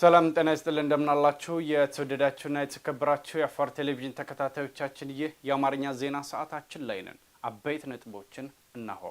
ሰላም ጤና ይስጥል እንደምናላችሁ የተወደዳችሁና የተከበራችሁ የአፋር ቴሌቪዥን ተከታታዮቻችን፣ ይህ የአማርኛ ዜና ሰዓታችን ላይ ነን። አበይት ነጥቦችን እናሆ።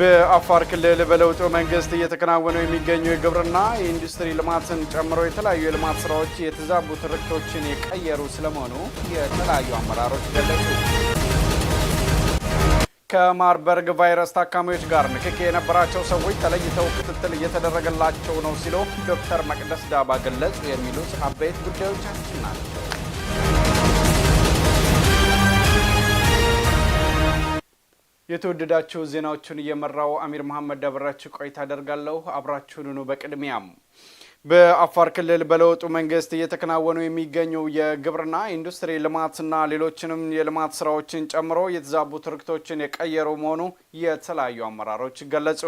በአፋር ክልል በለውጡ መንግስት እየተከናወኑ የሚገኙ የግብርና የኢንዱስትሪ ልማትን ጨምሮ የተለያዩ የልማት ስራዎች የተዛቡ ትርክቶችን የቀየሩ ስለመሆኑ የተለያዩ አመራሮች ገለጹ። ከማርበርግ ቫይረስ ታካሚዎች ጋር ንክክ የነበራቸው ሰዎች ተለይተው ክትትል እየተደረገላቸው ነው ሲሉ ዶክተር መቅደስ ዳባ ገለጹ። የሚሉት አበይት ጉዳዮቻችን ናቸው። የተወደዳችሁ ዜናዎቹን እየመራው አሚር መሐመድ ደብራችሁ ቆይታ አደርጋለሁ። አብራችሁንኑ በቅድሚያም በአፋር ክልል በለውጡ መንግስት እየተከናወኑ የሚገኙ የግብርና ኢንዱስትሪ ልማትና ሌሎችንም የልማት ስራዎችን ጨምሮ የተዛቡ ትርክቶችን የቀየሩ መሆኑ የተለያዩ አመራሮች ገለጹ።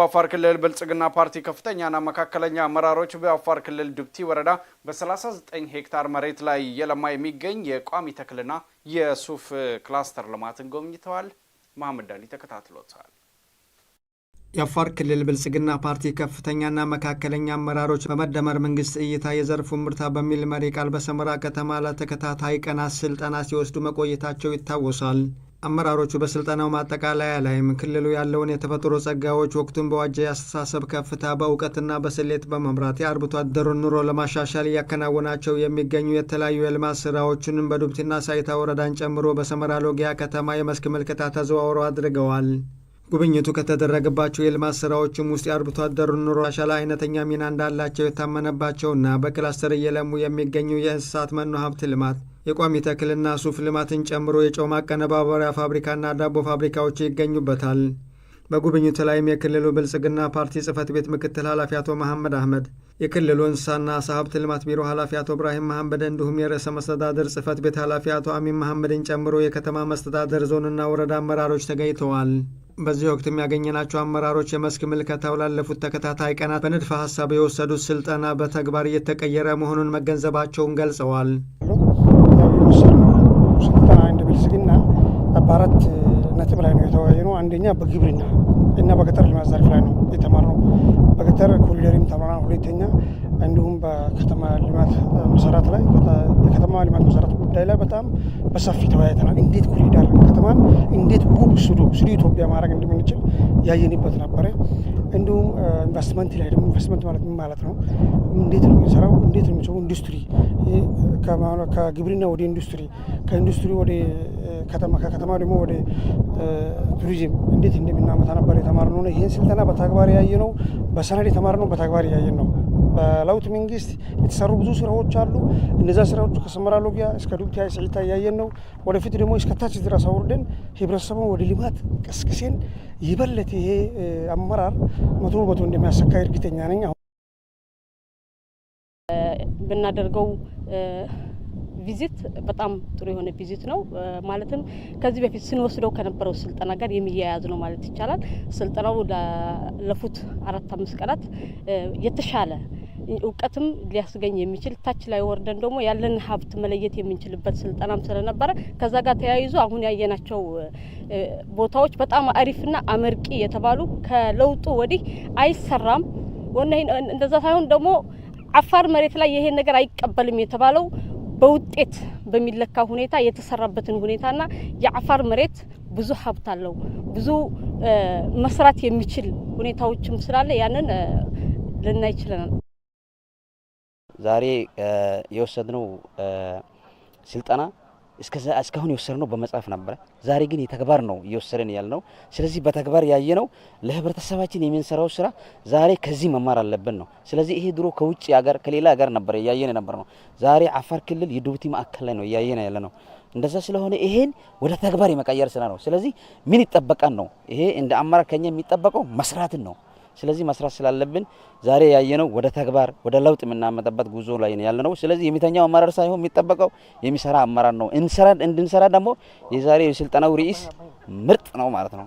በአፋር ክልል ብልጽግና ፓርቲ ከፍተኛና መካከለኛ አመራሮች በአፋር ክልል ዱብቲ ወረዳ በ39 ሄክታር መሬት ላይ የለማ የሚገኝ የቋሚ ተክልና የሱፍ ክላስተር ልማትን ጎብኝተዋል። መሐመድ አሊ ተከታትሎታል። የአፋር ክልል ብልጽግና ፓርቲ ከፍተኛና መካከለኛ አመራሮች በመደመር መንግስት እይታ የዘርፉን ምርታ በሚል መሪ ቃል በሰመራ ከተማ ለተከታታይ ቀናት ስልጠና ሲወስዱ መቆየታቸው ይታወሳል። አመራሮቹ በስልጠናው ማጠቃለያ ላይም ክልሉ ያለውን የተፈጥሮ ጸጋዎች ወቅቱን በዋጀ የአስተሳሰብ ከፍታ በእውቀትና በስሌት በመምራት የአርብቶ አደሩን ኑሮ ለማሻሻል እያከናወናቸው የሚገኙ የተለያዩ የልማት ስራዎችንም በዱብትና ሳይታ ወረዳን ጨምሮ በሰመራ ሎጊያ ከተማ የመስክ ምልከታ ተዘዋውረው አድርገዋል። ጉብኝቱ ከተደረገባቸው የልማት ስራዎችም ውስጥ የአርብቶ አደሩ ኑሮ ማሻሻል አይነተኛ ሚና እንዳላቸው የታመነባቸውና በክላስተር እየለሙ የሚገኙ የእንስሳት መኖ ሀብት ልማት የቋሚ ተክልና ሱፍ ልማትን ጨምሮ የጨው ማቀነባበሪያ ፋብሪካና ዳቦ ፋብሪካዎች ይገኙበታል። በጉብኝቱ ላይም የክልሉ ብልጽግና ፓርቲ ጽህፈት ቤት ምክትል ኃላፊ አቶ መሐመድ አህመድ የክልሉ እንስሳና አሳ ሀብት ልማት ቢሮ ኃላፊ አቶ እብራሂም መሐመድ እንዲሁም የርዕሰ መስተዳደር ጽህፈት ቤት ኃላፊ አቶ አሚን መሐመድን ጨምሮ የከተማ መስተዳደር ዞንና ወረዳ አመራሮች ተገኝተዋል። በዚህ ወቅትም ያገኘናቸው አመራሮች የመስክ ምልከታው ላለፉት ተከታታይ ቀናት በንድፈ ሀሳብ የወሰዱት ስልጠና በተግባር እየተቀየረ መሆኑን መገንዘባቸውን ገልጸዋል። ስልጠና እንደ ብልጽግና በአራት ነጥብ ላይ ነው የተወያየ ነው። አንደኛ በግብርና እና በገጠር ልማት ዘርፍ ላይ ነው የተማርነው። በገጠር ኮሪደርም ተምረናል። ሁለተኛ እንዲሁም በከተማ ልማት መሰረት ላይ የከተማ ልማት መሰረት ጉዳይ ላይ በጣም በሰፊ ተወያይተናል። እንዴት ኮሪደር ከተማን እንዴት ውብ ስሉ ስሉ ኢትዮጵያ ማድረግ እንደምንችል ያየንበት ነበረ። እንዲሁም ኢንቨስትመንት ላይ ደግሞ ኢንቨስትመንት ማለት ምን ማለት ነው? እንዴት ነው የሚሰራው? እንዴት ነው ኢንዱስትሪ ከግብርና ወደ ኢንዱስትሪ ከኢንዱስትሪ ወደ ከተማ ከከተማ ደግሞ ወደ ቱሪዝም እንዴት እንደምናመታ ነበር የተማርነው። ይህን ስልጠና በተግባር ነው። በሰነድ የተማርነው በተግባር ያየ ነው። በለውጥ መንግስት የተሰሩ ብዙ ስራዎች አሉ። እነዛ ስራዎች ከሰመራ ሎጊያ እስከ ዱብቲ ስልታ እያየን ነው። ወደፊት ደግሞ እስከ ታች ድረስ አውርደን ህብረተሰቡን ወደ ልማት ቀስቅሴን ይበለት ይሄ አመራር መቶ በመቶ እንደሚያሰካ እርግጠኛ ነኝ። ብናደርገው ቪዚት በጣም ጥሩ የሆነ ቪዚት ነው። ማለትም ከዚህ በፊት ስንወስደው ከነበረው ስልጠና ጋር የሚያያዝ ነው ማለት ይቻላል። ስልጠናው ላለፉት አራት አምስት ቀናት የተሻለ እውቀትም ሊያስገኝ የሚችል ታች ላይ ወርደን ደግሞ ያለን ሀብት መለየት የምንችልበት ስልጠናም ስለነበረ ከዛ ጋር ተያይዞ አሁን ያየናቸው ቦታዎች በጣም አሪፍና አመርቂ የተባሉ ከለውጡ ወዲህ አይሰራም ወነ እንደዛ ሳይሆን ደግሞ አፋር መሬት ላይ ይሄን ነገር አይቀበልም የተባለው በውጤት በሚለካ ሁኔታ የተሰራበትን ሁኔታና የአፋር መሬት ብዙ ሀብት አለው፣ ብዙ መስራት የሚችል ሁኔታዎችም ስላለ ያንን ልናይ ችለናል። ዛሬ የወሰድነው ስልጠና እስካሁን የወሰድነው በመጽሐፍ ነበረ። ዛሬ ግን የተግባር ነው እየወሰደን ያልነው። ስለዚህ በተግባር ያየነው ለህብረተሰባችን የምንሰራው ስራ ዛሬ ከዚህ መማር አለብን ነው። ስለዚህ ይሄ ድሮ ከውጭ ሀገር ከሌላ ሀገር ነበረ እያየን ነበር ነው። ዛሬ አፋር ክልል የዱብቲ ማዕከል ላይ ነው እያየን ያለ ነው። እንደዛ ስለሆነ ይሄን ወደ ተግባር የመቀየር ስራ ነው። ስለዚህ ምን ይጠበቃል ነው ይሄ እንደ አመራር ከኛ የሚጠበቀው መስራትን ነው። ስለዚህ መስራት ስላለብን ዛሬ ያየነው ወደ ተግባር ወደ ለውጥ የምናመጣበት ጉዞ ላይ ነው ያለነው። ስለዚህ የሚተኛው አመራር ሳይሆን የሚጠበቀው የሚሰራ አመራር ነው። እንድንሰራ ደግሞ የዛሬ የስልጠናው ርዕስ ምርጥ ነው ማለት ነው።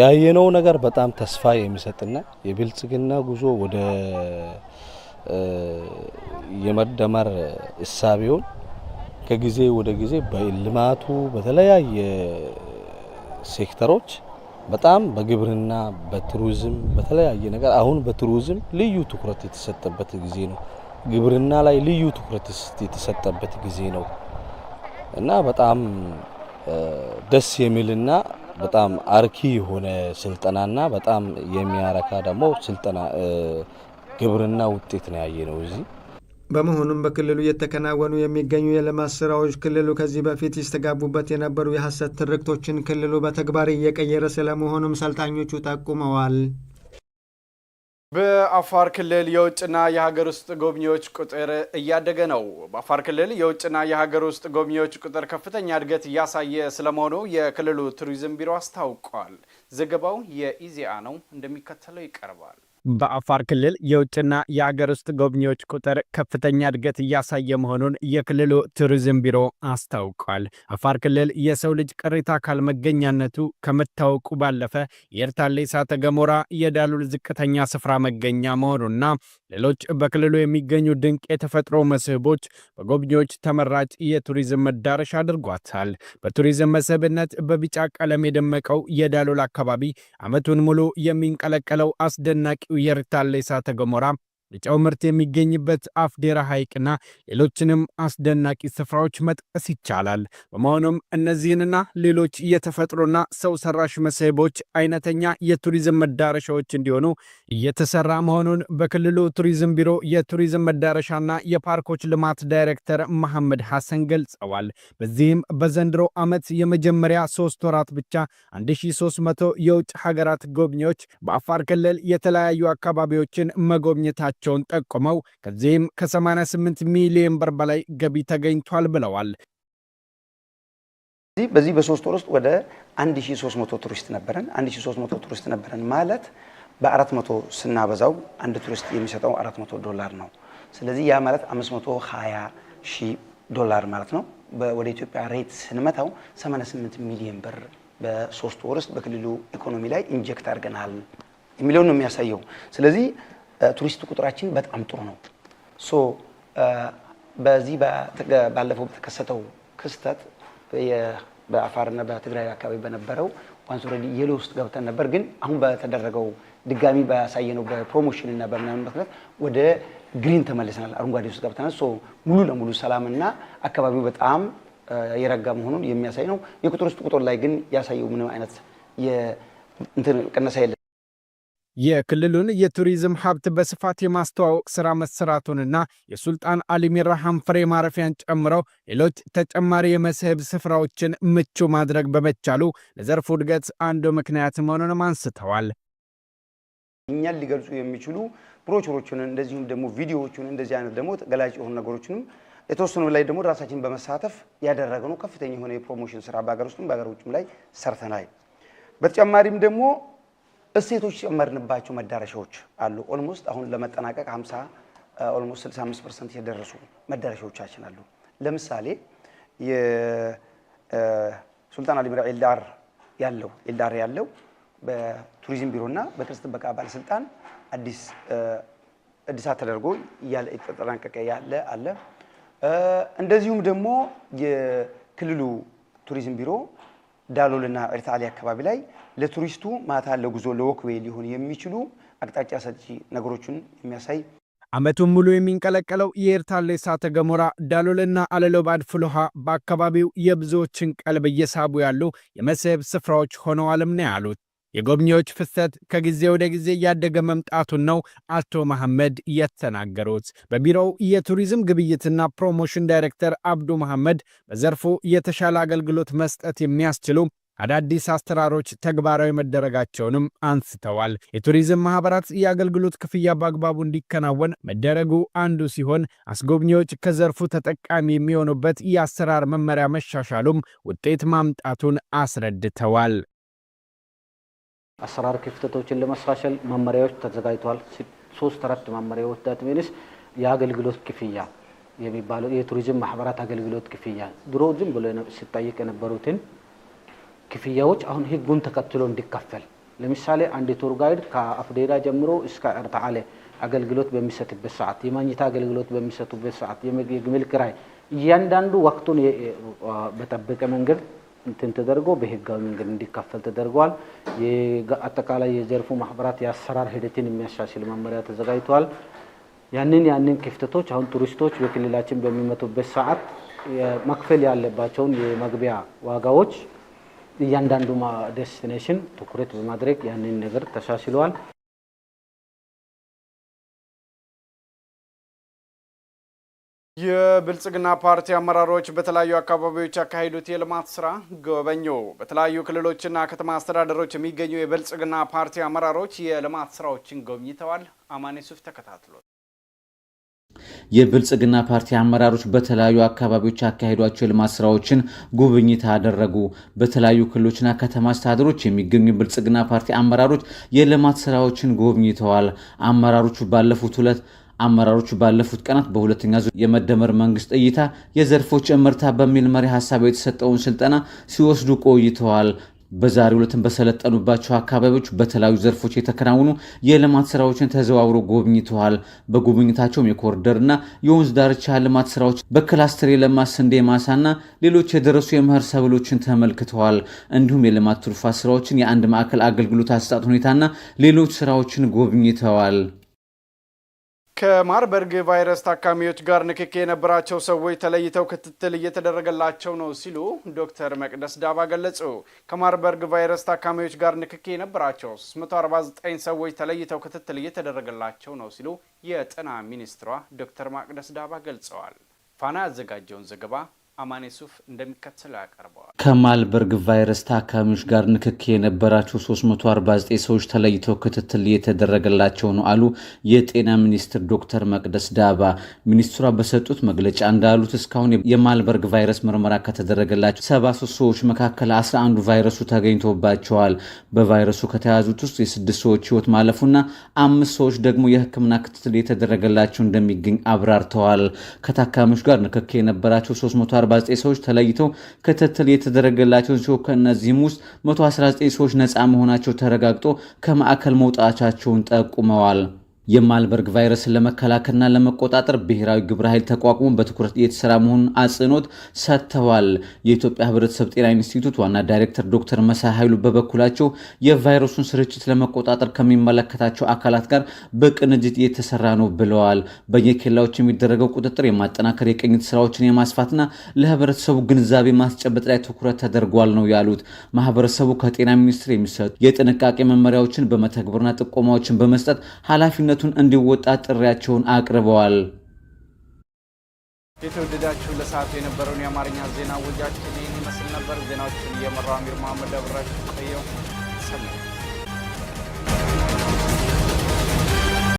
ያየነው ነገር በጣም ተስፋ የሚሰጥና የብልጽግና ጉዞ ወደ የመደመር እሳቤውን ከጊዜ ወደ ጊዜ በልማቱ በተለያየ ሴክተሮች በጣም በግብርና በቱሪዝም በተለያየ ነገር አሁን በቱሪዝም ልዩ ትኩረት የተሰጠበት ጊዜ ነው። ግብርና ላይ ልዩ ትኩረት የተሰጠበት ጊዜ ነው እና በጣም ደስ የሚልና በጣም አርኪ የሆነ ስልጠናና በጣም የሚያረካ ደግሞ ስልጠና ግብርና ውጤት ነው ያየ ነው እዚህ በመሆኑም በክልሉ እየተከናወኑ የሚገኙ የልማት ስራዎች ክልሉ ከዚህ በፊት ይስተጋቡበት የነበሩ የሐሰት ትርክቶችን ክልሉ በተግባር እየቀየረ ስለመሆኑም ሰልጣኞቹ ጠቁመዋል። በአፋር ክልል የውጭና የሀገር ውስጥ ጎብኚዎች ቁጥር እያደገ ነው። በአፋር ክልል የውጭና የሀገር ውስጥ ጎብኚዎች ቁጥር ከፍተኛ እድገት እያሳየ ስለመሆኑ የክልሉ ቱሪዝም ቢሮ አስታውቋል። ዘገባው የኢዜአ ነው፣ እንደሚከተለው ይቀርባል። በአፋር ክልል የውጭና የአገር ውስጥ ጎብኚዎች ቁጥር ከፍተኛ እድገት እያሳየ መሆኑን የክልሉ ቱሪዝም ቢሮ አስታውቋል። አፋር ክልል የሰው ልጅ ቅሪተ አካል መገኛነቱ ከመታወቁ ባለፈ የኤርታሌ እሳተ ገሞራ የዳሉል ዝቅተኛ ስፍራ መገኛ መሆኑና ሌሎች በክልሉ የሚገኙ ድንቅ የተፈጥሮ መስህቦች በጎብኚዎች ተመራጭ የቱሪዝም መዳረሻ አድርጓታል። በቱሪዝም መስህብነት በቢጫ ቀለም የደመቀው የዳሉል አካባቢ ዓመቱን ሙሉ የሚንቀለቀለው አስደናቂ Ujerta Lisa tego Mora የጨው ምርት የሚገኝበት አፍዴራ ሐይቅና ሌሎችንም አስደናቂ ስፍራዎች መጥቀስ ይቻላል። በመሆኑም እነዚህንና ሌሎች የተፈጥሮና ሰው ሰራሽ መስህቦች አይነተኛ የቱሪዝም መዳረሻዎች እንዲሆኑ እየተሰራ መሆኑን በክልሉ ቱሪዝም ቢሮ የቱሪዝም መዳረሻና የፓርኮች ልማት ዳይሬክተር መሐመድ ሐሰን ገልጸዋል። በዚህም በዘንድሮ ዓመት የመጀመሪያ ሶስት ወራት ብቻ 1300 የውጭ ሀገራት ጎብኚዎች በአፋር ክልል የተለያዩ አካባቢዎችን መጎብኘታቸው መሆናቸውን ጠቁመው ከዚህም ከ88 ሚሊዮን ብር በላይ ገቢ ተገኝቷል ብለዋል። በዚህ በሶስት ወር ውስጥ ወደ 1300 ቱሪስት ነበረን። 1300 ቱሪስት ነበረን ማለት በ400 ስናበዛው አንድ ቱሪስት የሚሰጠው 400 ዶላር ነው። ስለዚህ ያ ማለት 520 ሺህ ዶላር ማለት ነው። ወደ ኢትዮጵያ ሬት ስንመታው 88 ሚሊዮን ብር በሶስት ወር ውስጥ በክልሉ ኢኮኖሚ ላይ ኢንጀክት አድርገናል የሚለውን ነው የሚያሳየው። ስለዚህ ቱሪስት ቁጥራችን በጣም ጥሩ ነው። ሶ በዚህ ባለፈው በተከሰተው ክስተት በአፋርና በትግራይ አካባቢ በነበረው ዋንስ ኦልሬዲ የሎ ውስጥ ገብተን ነበር። ግን አሁን በተደረገው ድጋሚ ባሳየነው በፕሮሞሽን እና በምናምን ምክንያት ወደ ግሪን ተመልሰናል፣ አረንጓዴ ውስጥ ገብተናል። ሶ ሙሉ ለሙሉ ሰላምና አካባቢው በጣም የረጋ መሆኑን የሚያሳይ ነው። ውስጥ ቁጥር ላይ ግን ያሳየው ምንም አይነት ቅነሳ የለም። የክልሉን የቱሪዝም ሀብት በስፋት የማስተዋወቅ ስራ መሰራቱንና የሱልጣን አሊሚራ ሚራ ማረፊያን ጨምረው ሌሎች ተጨማሪ የመስህብ ስፍራዎችን ምቹ ማድረግ በመቻሉ ለዘርፉ እድገት አንዱ ምክንያት መሆኑንም አንስተዋል። እኛን ሊገልጹ የሚችሉ ብሮቹሮችን እንደዚሁም ደግሞ ቪዲዮዎችን እንደዚህ አይነት ደግሞ ገላጭ የሆኑ ነገሮችንም የተወሰኑ ላይ ደግሞ ራሳችን በመሳተፍ ያደረግነው ከፍተኛ የሆነ የፕሮሞሽን ስራ በሀገር ውስጥም በሀገር ውጭም ላይ ሰርተናል። በተጨማሪም ደግሞ እሴቶች ጨመርንባቸው መዳረሻዎች አሉ። ኦልሞስት አሁን ለመጠናቀቅ 50 ኦልሞስት 65 ፐርሰንት የደረሱ መዳረሻዎቻችን አሉ። ለምሳሌ የሱልጣን አሊ ኤልዳር ያለው ኤልዳር ያለው በቱሪዝም ቢሮና በቅርስ ጥበቃ ባለስልጣን አዲስ እድሳት ተደርጎ የተጠናቀቀ ያለ አለ። እንደዚሁም ደግሞ የክልሉ ቱሪዝም ቢሮ ዳሎልና ኤርታሌ አካባቢ ላይ ለቱሪስቱ ማታ ለጉዞ ለወክቤ ሊሆን የሚችሉ አቅጣጫ ሰጪ ነገሮችን የሚያሳይ ዓመቱን ሙሉ የሚንቀለቀለው የኤርታሌ እሳተ ገሞራ ዳሎልና አለሎባድ ፍሎሃ በአካባቢው የብዙዎችን ቀልብ እየሳቡ ያሉ የመስህብ ስፍራዎች ሆነዋልም ነው ያሉት። የጎብኚዎች ፍሰት ከጊዜ ወደ ጊዜ እያደገ መምጣቱን ነው አቶ መሐመድ የተናገሩት። በቢሮው የቱሪዝም ግብይትና ፕሮሞሽን ዳይሬክተር አብዱ መሐመድ በዘርፉ የተሻለ አገልግሎት መስጠት የሚያስችሉ አዳዲስ አሰራሮች ተግባራዊ መደረጋቸውንም አንስተዋል። የቱሪዝም ማህበራት የአገልግሎት ክፍያ በአግባቡ እንዲከናወን መደረጉ አንዱ ሲሆን አስጎብኚዎች ከዘርፉ ተጠቃሚ የሚሆኑበት የአሰራር መመሪያ መሻሻሉም ውጤት ማምጣቱን አስረድተዋል። አሰራር ክፍተቶችን ለማሻሻል መመሪያዎች ተዘጋጅተዋል። ሶስት አራት መመሪያዎች ዳት የአገልግሎት ክፍያ የሚባለው የቱሪዝም ማህበራት አገልግሎት ክፍያ ድሮ ዝም ብሎ ሲጠይቅ የነበሩትን ክፍያዎች አሁን ህጉን ተከትሎ እንዲከፈል ለምሳሌ አንድ ቱር ጋይድ ከአፍዴራ ጀምሮ እስከ ኤርታሌ አገልግሎት በሚሰጥበት ሰዓት፣ የመኝታ አገልግሎት በሚሰጡበት ሰዓት፣ የግመል ክራይ እያንዳንዱ ወቅቱን በጠበቀ መንገድ እንትን ተደርጎ በህጋዊ መንገድ እንዲካፈል ተደርጓል። አጠቃላይ የዘርፉ ማህበራት የአሰራር ሂደትን የሚያሻሽል መመሪያ ተዘጋጅቷል። ያንን ያንን ክፍተቶች አሁን ቱሪስቶች በክልላችን በሚመጡበት ሰዓት መክፈል ያለባቸውን የመግቢያ ዋጋዎች እያንዳንዱ ዴስቲኔሽን ትኩረት በማድረግ ያንን ነገር ተሻሽለዋል። የብልጽግና ፓርቲ አመራሮች በተለያዩ አካባቢዎች ያካሄዱት የልማት ስራ ጎበኙ። በተለያዩ ክልሎችና ከተማ አስተዳደሮች የሚገኙ የብልጽግና ፓርቲ አመራሮች የልማት ስራዎችን ጎብኝተዋል። አማኔ ሱፍ ተከታትሏል። የብልጽግና ፓርቲ አመራሮች በተለያዩ አካባቢዎች ያካሄዷቸው የልማት ስራዎችን ጉብኝት አደረጉ። በተለያዩ ክልሎችና ከተማ አስተዳደሮች የሚገኙ የብልጽግና ፓርቲ አመራሮች የልማት ስራዎችን ጎብኝተዋል። አመራሮቹ ባለፉት ሁለት አመራሮች ባለፉት ቀናት በሁለተኛ ዙር የመደመር መንግስት እይታ የዘርፎች እምርታ በሚል መሪ ሀሳብ የተሰጠውን ስልጠና ሲወስዱ ቆይተዋል። በዛሬ ሁለትም በሰለጠኑባቸው አካባቢዎች በተለያዩ ዘርፎች የተከናወኑ የልማት ስራዎችን ተዘዋውሮ ጎብኝተዋል። በጉብኝታቸውም የኮሪደርና የወንዝ ዳርቻ ልማት ስራዎች፣ በክላስተር የለማ ስንዴ ማሳና ሌሎች የደረሱ የመኸር ሰብሎችን ተመልክተዋል። እንዲሁም የልማት ትሩፋት ስራዎችን፣ የአንድ ማዕከል አገልግሎት አሰጣጥ ሁኔታና ሌሎች ስራዎችን ጎብኝተዋል። ከማርበርግ ቫይረስ ታካሚዎች ጋር ንክክ የነበራቸው ሰዎች ተለይተው ክትትል እየተደረገላቸው ነው ሲሉ ዶክተር መቅደስ ዳባ ገለጹ። ከማርበርግ ቫይረስ ታካሚዎች ጋር ንክክ የነበራቸው 349 ሰዎች ተለይተው ክትትል እየተደረገላቸው ነው ሲሉ የጤና ሚኒስትሯ ዶክተር መቅደስ ዳባ ገልጸዋል። ፋና ያዘጋጀውን ዘገባ አማኔ ሱፍ እንደሚከተለው ያቀርበዋል። ከማልበርግ ቫይረስ ታካሚዎች ጋር ንክክ የነበራቸው 349 ሰዎች ተለይተው ክትትል እየተደረገላቸው ነው አሉ የጤና ሚኒስትር ዶክተር መቅደስ ዳባ። ሚኒስትሯ በሰጡት መግለጫ እንዳሉት እስካሁን የማልበርግ ቫይረስ ምርመራ ከተደረገላቸው 73 ሰዎች መካከል 11 ቫይረሱ ተገኝቶባቸዋል። በቫይረሱ ከተያዙት ውስጥ የስድስት ሰዎች ህይወት ማለፉና አምስት ሰዎች ደግሞ የህክምና ክትትል እየተደረገላቸው እንደሚገኝ አብራርተዋል። ከታካሚዎች ጋር ንክክ የነበራቸው 149 ሰዎች ተለይተው ክትትል የተደረገላቸው ሲሆን ከእነዚህም ውስጥ 119 ሰዎች ነፃ መሆናቸው ተረጋግጦ ከማዕከል መውጣቻቸውን ጠቁመዋል። የማልበርግ ቫይረስን ለመከላከልና ለመቆጣጠር ብሔራዊ ግብረ ኃይል ተቋቁሞ በትኩረት እየተሰራ መሆኑን አጽንኦት ሰጥተዋል። የኢትዮጵያ ሕብረተሰብ ጤና ኢንስቲትዩት ዋና ዳይሬክተር ዶክተር መሳይ ኃይሉ በበኩላቸው የቫይረሱን ስርጭት ለመቆጣጠር ከሚመለከታቸው አካላት ጋር በቅንጅት እየተሰራ ነው ብለዋል። በየኬላዎች የሚደረገው ቁጥጥር የማጠናከር የቅኝት ስራዎችን የማስፋትና ለሕብረተሰቡ ግንዛቤ ማስጨበጥ ላይ ትኩረት ተደርጓል ነው ያሉት። ማህበረሰቡ ከጤና ሚኒስቴር የሚሰጡ የጥንቃቄ መመሪያዎችን በመተግበርና ጥቆማዎችን በመስጠት ኃላፊነት ኃላፊነቱን እንዲወጣ ጥሪያቸውን አቅርበዋል። የተወደዳችሁ ለሰዓቱ የነበረውን የአማርኛ ዜና ወጃችን ይህን ይመስል ነበር። ዜናዎችን እየመራው አሚር መሐመድ አብራችሁ ቆየው ሰሚ